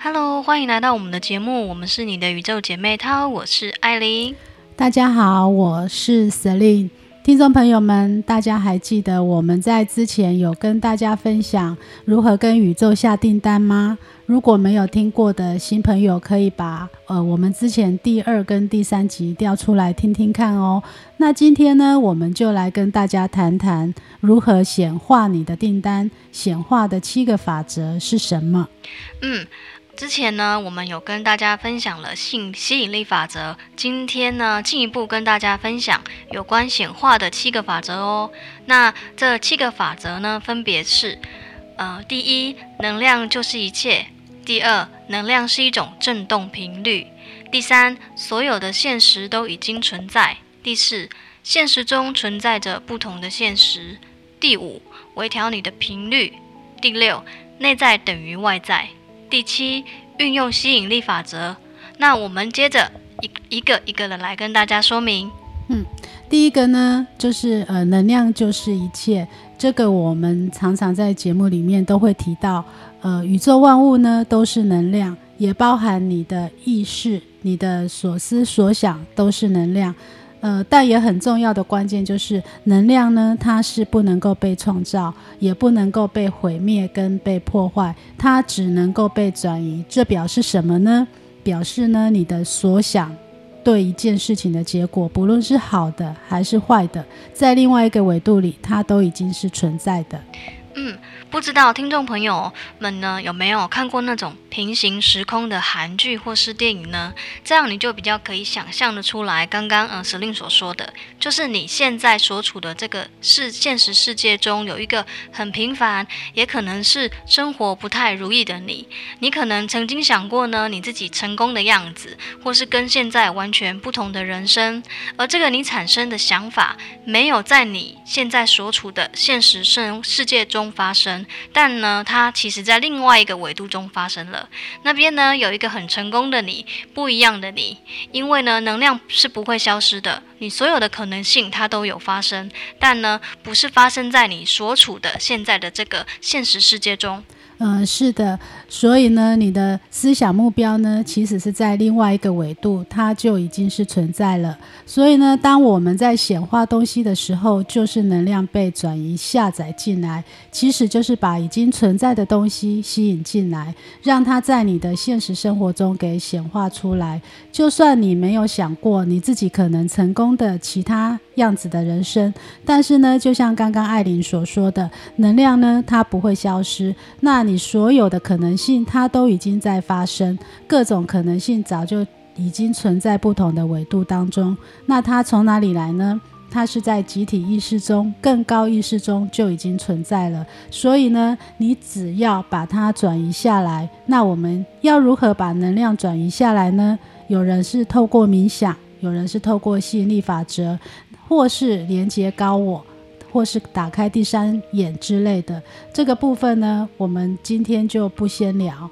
Hello，歡迎來到我們的節目。我們是你的宇宙姐妹淘，我是艾琳。大家好，我是 Celine。聽眾朋友們，大家還記得我們在之前有跟大家分享如何跟宇宙下訂單嗎？如果沒有聽過的新朋友，可以把呃我們之前第二跟第三集調出來聽聽看哦。那今天呢，我們就來跟大家談談如何顯化你的訂單，顯化的七個法則是什麼？嗯。之前呢，我們有跟大家分享了性吸引力法則。今天呢，進一步跟大家分享有關顯化的七個法則哦。那這七個法則呢，分別是：呃，第一，能量就是一切；第二，能量是一種振動頻率；第三，所有的現實都已經存在；第四，現實中存在着不同的現實；第五，微調你的頻率；第六，內在等於外在。第七，運用吸引力法則。那我們接着一一個一個的來跟大家說明。嗯，第一個呢，就是呃，能量就是一切。這個我們常常在節目裡面都會提到，呃，宇宙萬物呢，都是能量，也包含你的意識、你的所思所想都是能量。呃，但也很重要的關鍵就是，能量呢，它是不能夠被創造，也不能夠被毀滅跟被破壞，它只能夠被轉移。這表示什麼呢？表示呢，你的所想對一件事情的結果，不論是好的還是壞的，在另外一個維度裡，它都已經是存在的。嗯，不知道聽眾朋友們呢，有沒有看過那種平行時空的韓劇或是電影呢？這樣你就比較可以想象的出來，剛剛呃，司令所說的，就是你現在所處的這個是現實世界中有一個很平凡，也可能是生活不太如意的你。你可能曾經想過呢，你自己成功的樣子，或是跟現在完全不同的人生。而這個你產生的想法，沒有在你現在所處的現實世界中中發生，但呢，它其實在另外一個維度中發生了。那邊呢，有一個很成功的你，不一樣的你。因為呢，能量是不會消失的，你所有的可能性它都有發生，但呢，不是發生在你所處的現在的這個現實世界中。嗯，是的。所以呢，你的思想目標呢，其實是在另外一個維度，它就已經是存在了。所以呢，當我們在顯化東西的時候，就是能量被轉移下載進來，其實就是把已經存在的東西吸引進來，讓它在你的現實生活中給顯化出來。就算你沒有想過，你自己可能成功的其他樣子的人生，但是呢，就像剛剛艾琳所說的，能量呢，它不會消失，那你所有的可能性它都已經在發生，各種可能性早就已經存在不同的維度當中。那它從哪裡來呢？它是在集體意識中、更高意識中就已經存在了。所以呢，你只要把它轉移下來。那我們要如何把能量轉移下來呢？有人是透過冥想，有人是透過吸引力法則。或是連接高我，或是打開第三眼之類的。這個部分呢，我們今天就不先聊。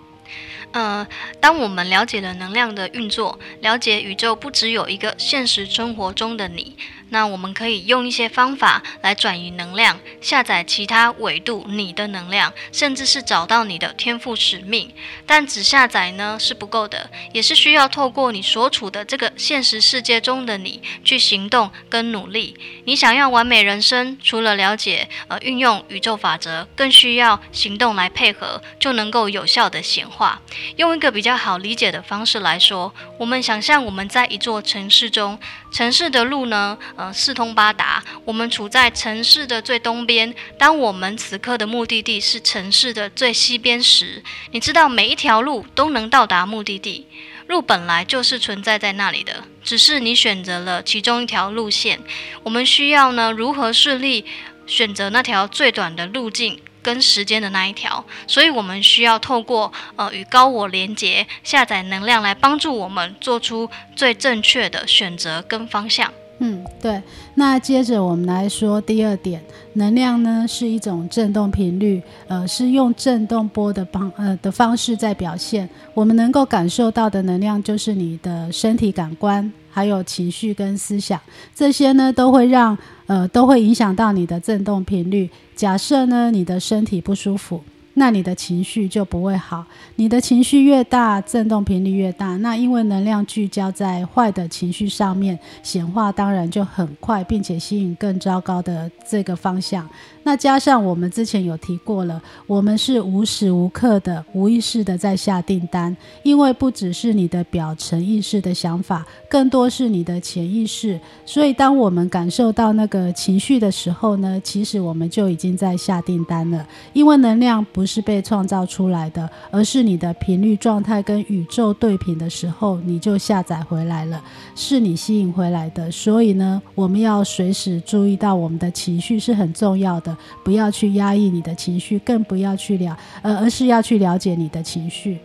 呃，當我們了解了能量的運作，了解宇宙不只有一個現實生活中的你。那我們可以用一些方法來轉移能量，下載其他維度你的能量，甚至是找到你的天賦使命。但只下載呢，是不夠的，也是需要透過你所處的這個現實世界中的你去行動跟努力。你想要完美人生，除了了解呃運用宇宙法則，更需要行動來配合，就能夠有效的顯化。用一個比較好理解的方式來說，我們想象我們在一座城市中，城市的路呢，呃，四通八達。我們處在城市的最東邊。當我們此刻的目的地是城市的最西邊時，你知道每一條路都能到達目的地。路本來就是存在在那裡的，只是你選擇了其中一條路線。我們需要呢，如何順利選擇那條最短的路徑跟時間的那一條？所以我們需要透過呃與高我連接，下載能量來幫助我們做出最正確的選擇跟方向。嗯，對。那接着我們來說第二點，能量呢是一種振動頻率，呃，是用振動波的方呃的方式在表現。我們能夠感受到的能量，就是你的身體感官，還有情緒跟思想，這些呢都會讓呃都會影響到你的振動頻率。假設呢你的身體不舒服，那你的情緒就不會好，你的情緒越大，震動頻率越大。那因為能量聚焦在壞的情緒上面，顯化當然就很快，並且吸引更糟糕的這個方向。那加上我們之前有提過了，我們是無時無刻的、無意識的在下訂單，因為不只是你的表層意識的想法，更多是你的潛意識。所以當我們感受到那個情緒的時候呢，其實我們就已經在下訂單了，因為能量不是被創造出來的，而是你的頻率狀態跟宇宙對頻的時候，你就下載回來了，是你吸引回來的。所以呢，我們要隨時注意到我們的情緒是很重要的，不要去壓抑你的情緒，更不要去了而、呃、而是要去了解你的情緒。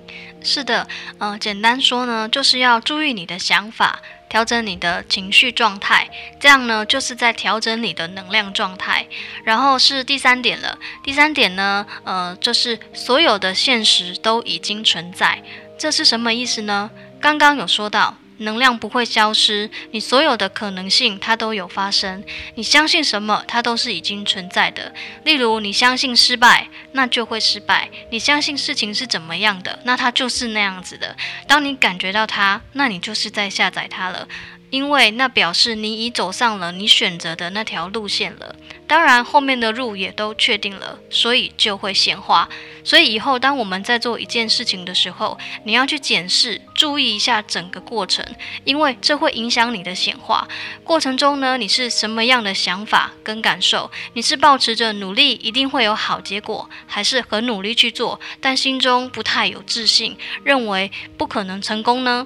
是的，呃，簡單說呢，就是要注意你的想法。調整你的情緒狀態，這樣呢，就是在調整你的能量狀態。然後是第三點了，第三點呢，呃，就是所有的現實都已經存在。這是什麼意思呢？剛剛有說到。能量不會消失，你所有的可能性它都有發生。你相信什麼，它都是已經存在的。例如，你相信失敗，那就會失敗；你相信事情是怎麼樣的，那它就是那樣子的。當你感覺到它，那你就是在下載它了。因為那表示你已走上了你選擇的那條路線了，當然後面的路也都確定了，所以就會顯化。所以以後當我們在做一件事情的時候，你要去檢視、注意一下整個過程，因為這會影響你的顯化。過程中呢，你是什麼樣的想法跟感受？你是抱持着努力一定會有好結果，還是很努力去做，但心中不太有自信，認為不可能成功呢？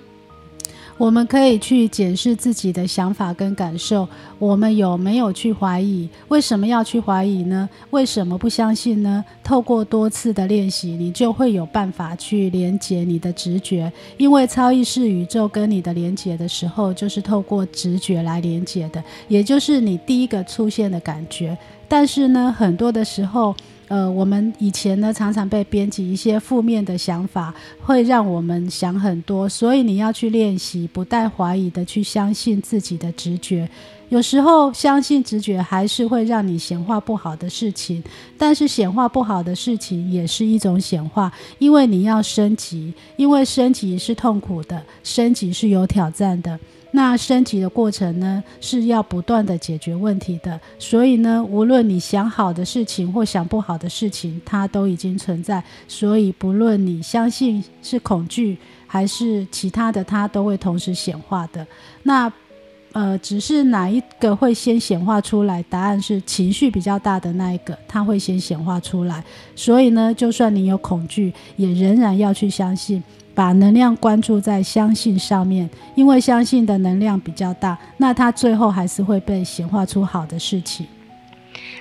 我們可以去檢視自己的想法跟感受，我們有沒有去懷疑？為什麼要去懷疑呢？為什麼不相信呢？透過多次的練習，你就會有辦法去連接你的直覺，因為超意識宇宙跟你的連接的時候，就是透過直覺來連接的，也就是你第一個出現的感覺。但是呢，很多的時候。呃，我們以前呢常常被編輯一些負面的想法，會讓我們想很多，所以你要去練習不帶懷疑的去相信自己的直覺。有時候相信直覺還是會讓你顯化不好的事情，但是顯化不好的事情也是一種顯化，因為你要升級，因為升級是痛苦的，升級是有挑戰的。那升級的過程呢，是要不斷的解決問題的。所以呢，無論你想好的事情或想不好的事情，它都已經存在。所以不論你相信是恐懼還是其他的，它都會同時顯化的。那。呃，只是哪一個會先顯化出來？答案是情緒比較大的那一個，它會先顯化出來。所以呢，就算你有恐懼，也仍然要去相信，把能量關注在相信上面，因為相信的能量比較大，那它最後還是會被顯化出好的事情。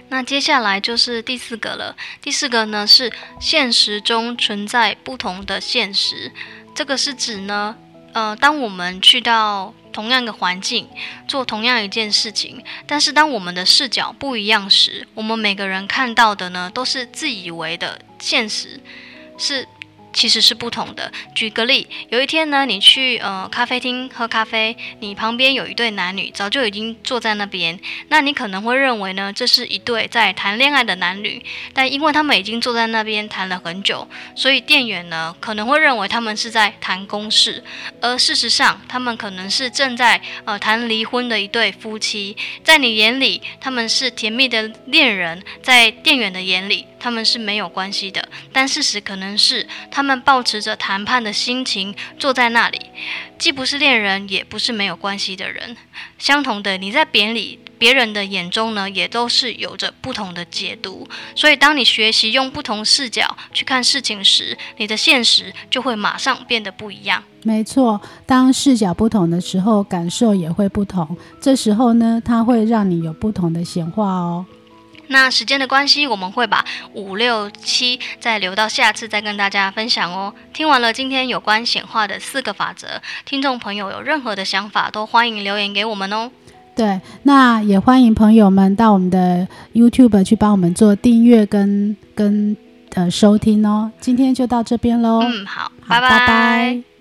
那接下來就是第四個了。第四個呢，是現實中存在不同的現實，這個是指呢，呃，當我們去到。同樣的環境，做同樣一件事情，但是當我們的視角不一樣時，我們每個人看到的呢，都是自以為的現實，是。其實是不同的。舉個例，有一天呢，你去呃咖啡廳喝咖啡，你旁邊有一對男女，早就已經坐在那邊。那你可能會認為呢，這是一對在談戀愛的男女。但因為他們已經坐在那邊談了很久，所以店員呢可能會認為他們是在談公事，而事實上他們可能是正在呃談離婚的一對夫妻。在你眼裡他們是甜蜜的戀人，在店員的眼裡。他們是沒有關係的，但事實可能是他們抱持着談判的心情坐在那裡，既不是戀人，也不是沒有關係的人。相同的，你在別人別人的眼中呢，也都是有着不同的解讀。所以，當你學習用不同視角去看事情時，你的現實就會馬上變得不一樣。沒錯，當視角不同的時候，感受也會不同。這時候呢，它會讓你有不同的顯化哦。那時間的關係，我們會把五六七再留到下次再跟大家分享哦。聽完了今天有關顯化的四個法則，聽眾朋友有任何的想法，都歡迎留言給我們哦。對，那也歡迎朋友們到我們的 YouTube 去幫我們做訂閱跟跟呃收聽哦。今天就到這邊嘍。嗯，好，拜拜好拜拜。拜拜。